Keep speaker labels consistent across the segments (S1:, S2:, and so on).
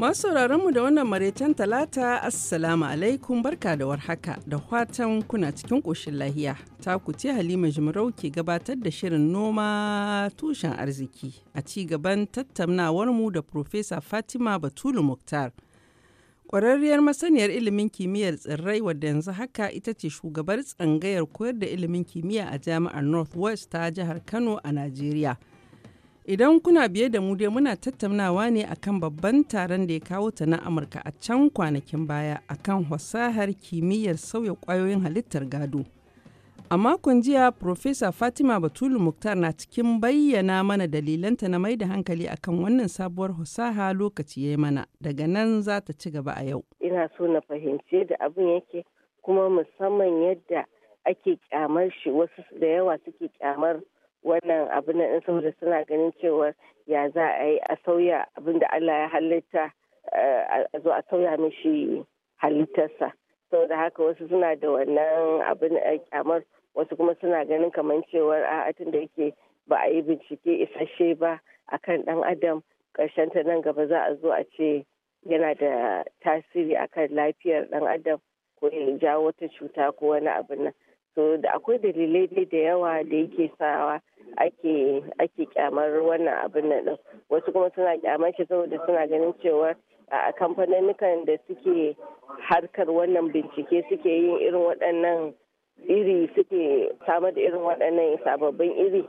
S1: Masu mu da wannan maraicen talata Assalamu alaikum barka da warhaka da watan kuna cikin ƙoshin lahiya. ta ce Halima Jimarau ke gabatar da shirin noma tushen arziki a ci gaban tattaunawarmu da Profesa Fatima Batulu Muktar. Ƙwararriyar masaniyar ilimin kimiyyar tsirrai wadda yanzu haka ita ce shugabar tsangayar koyar da ilimin kimiyya a jami'ar North West ta jihar Kano a Najeriya. Idan kuna biye da mu dai muna tattaunawa ne akan babban taron da ya kawo ta na Amurka a can kwanakin baya akan fasahar kimiyyar sauya kwayoyin halittar gado. A makon jiya, Profesa Fatima Batulu Muktar na cikin bayyana mana dalilanta na mai da hankali akan wannan sabuwar fasaha lokaci ya yi mana. Daga nan za ta ci gaba a yau.
S2: Ina so na fahimci da abin yake kuma musamman yadda ake kyamar shi wasu da yawa suke kyamar wannan abu na saboda suna ganin cewa ya za a yi a sauya abin da Allah ya halitta eh, a zo a sauya mishi halittarsa saboda haka wasu suna da wannan abin a eh, kyamar wasu kuma suna ganin kamar cewa a tun da yake ba a yi bincike isasshe ba a kan dan adam karshen ta nan gaba za a zo a ce yana da tasiri akan lafiyar dan adam ko ya jawo wata cuta ko wani abin nan so da akwai dalilai dai da yawa da yake sawa ake ake kyamar wannan abin nan din wasu kuma suna kyamar shi saboda suna ganin cewa a kamfanin da suke harkar wannan bincike suke yin irin waɗannan iri suke samar da irin waɗannan sababbin iri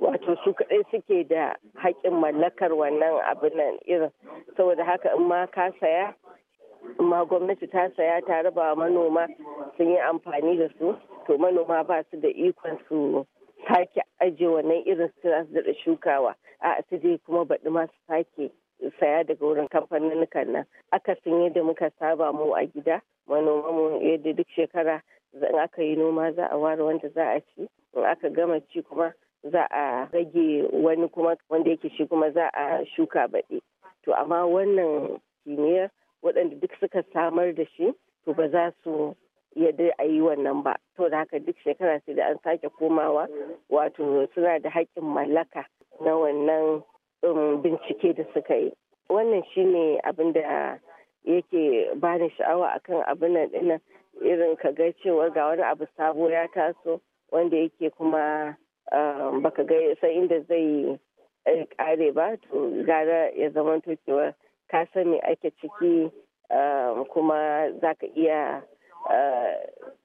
S2: wato su kaɗai suke da haƙƙin mallakar wannan abin nan irin saboda haka in ma ka saya ma gwamnati ta saya ta raba manoma sun yi amfani da su to manoma ba su da ikon su sake ajiye wannan irin su da shukawa a su je kuma baɗi ma su sake saya daga wurin kamfanin nan Aka sun yadda muka saba mu a gida manoma mu yadda duk shekara in aka yi noma za a ware wanda za a ci in aka gama ci kuma za a rage wani kuma wanda yake shi kuma za a shuka baɗi to amma wannan kimiyyar waɗanda duk suka samar da shi to ba za su ya yadda a yi wannan ba to da haka duk shekara sai da an sake komawa wato suna da haƙƙin mallaka na wannan um, bincike da suka yi wannan shine abin da yake bani sha'awa akan abin nan dinnan irin ka ga cewa ga wani abu sabo ya taso wanda yake kuma um, baka ga san inda zai kare eh, ba to gara ya zama cewa ka sani ake ciki um, kuma zaka iya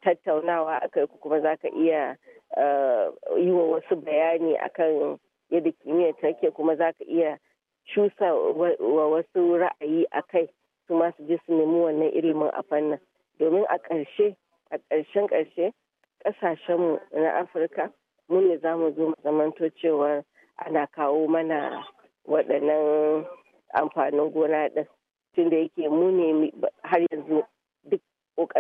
S2: tattaunawa a kai kuma za ka iya eh, yi wa wasu bayani akan yadda kimiyyar take kuma za ka iya shusa wa wasu ra'ayi a kai su masu je su nemi wannan ilimin a fannin domin a ƙarshe a ƙarshen ƙarshe ƙasashenmu na afirka mu ne za mu zo mu zamanto cewa ana kawo mana waɗannan amfanin gona ɗin tun da yake mu ne har yanzu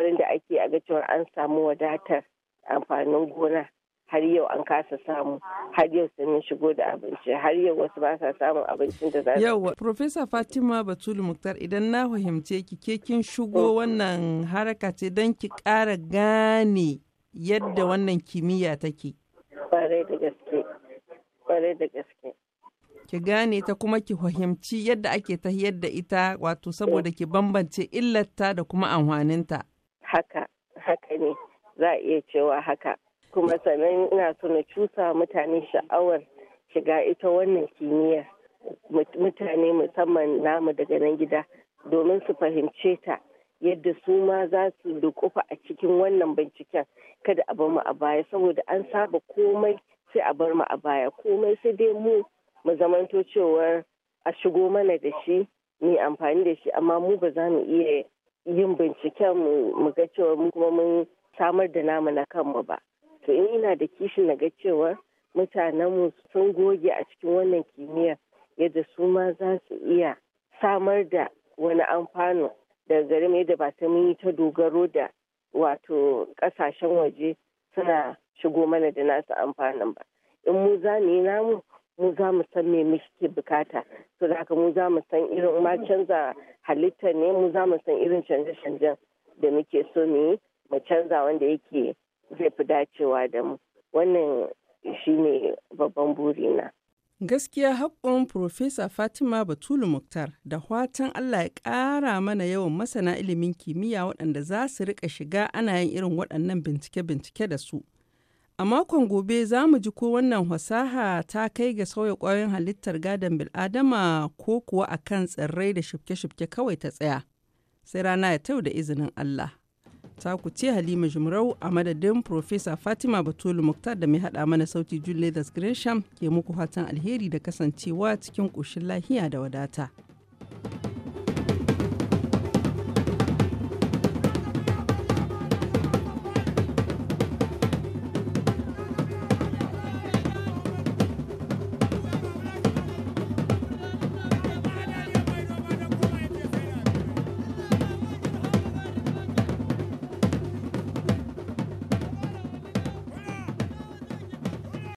S2: ƙoƙarin da ake a ga cewa an samu wadatar amfanin gona har yau an kasa samu har yau sun shigo da abinci har yau wasu ba sa samun abincin da za su yau
S1: professor fatima batulu muktar idan na fahimce ki ke kin shigo mm. wannan haraka ce don ki ƙara gane yadda wannan kimiyya take
S2: kwarai da gaske
S1: ki gane ta kuma ki fahimci yadda ake ta yadda ita wato saboda ki bambance illarta da kuma amfaninta haka
S2: haka ne za a iya cewa haka kuma sannan ina so na cusa mutane sha'awar shiga ita wannan kimiyya mutane musamman namu daga nan gida domin su fahimce ta yadda su ma za su dukufa a cikin wannan binciken kada a bar mu a baya saboda an saba komai sai a bar mu a baya komai sai dai mu mu zamanto cewar a shigo mana da shi mu amfani da shi amma mu ba za mu iya yin binciken mu ga cewa mu kuma mun samar da namu na kanmu ba to in ina da kishin na ga cewa mutanenmu sun goge a cikin wannan kimiyyar yadda su ma za su iya samar da wani amfano daga gare mu yadda ba ta mun yi ta dogaro da wato kasashen waje suna shigo mana da nasu amfanin ba in mu za mu yi namu mu za mu san me muke bukata to da haka mu za mu san irin ma canza halitta ne mu za mu san irin canje-canjen da muke so mu mu canza wanda yake zai fi dacewa da mu wannan shi ne babban burina.
S1: Gaskiya haƙƙon Profesa Fatima Batulu Muktar da watan Allah ya ƙara mana yawan masana ilimin kimiyya waɗanda za su riƙa shiga ana yin irin waɗannan bincike-bincike da su. A makon gobe za mu ji ko wannan fasaha ta kai ga sauya ƙwayoyin halittar gadon bil'adama ko kuwa a kan tsirrai da shifke-shifke kawai ta tsaya. Sai rana ya tau da izinin Allah. Ta ku ce Halima Jumrau a madadin Profesa Fatima Batulu Muktar da mai haɗa mana sauti Julius Gresham ke muku fatan alheri da kasancewa cikin ƙoshin lahiya da wadata.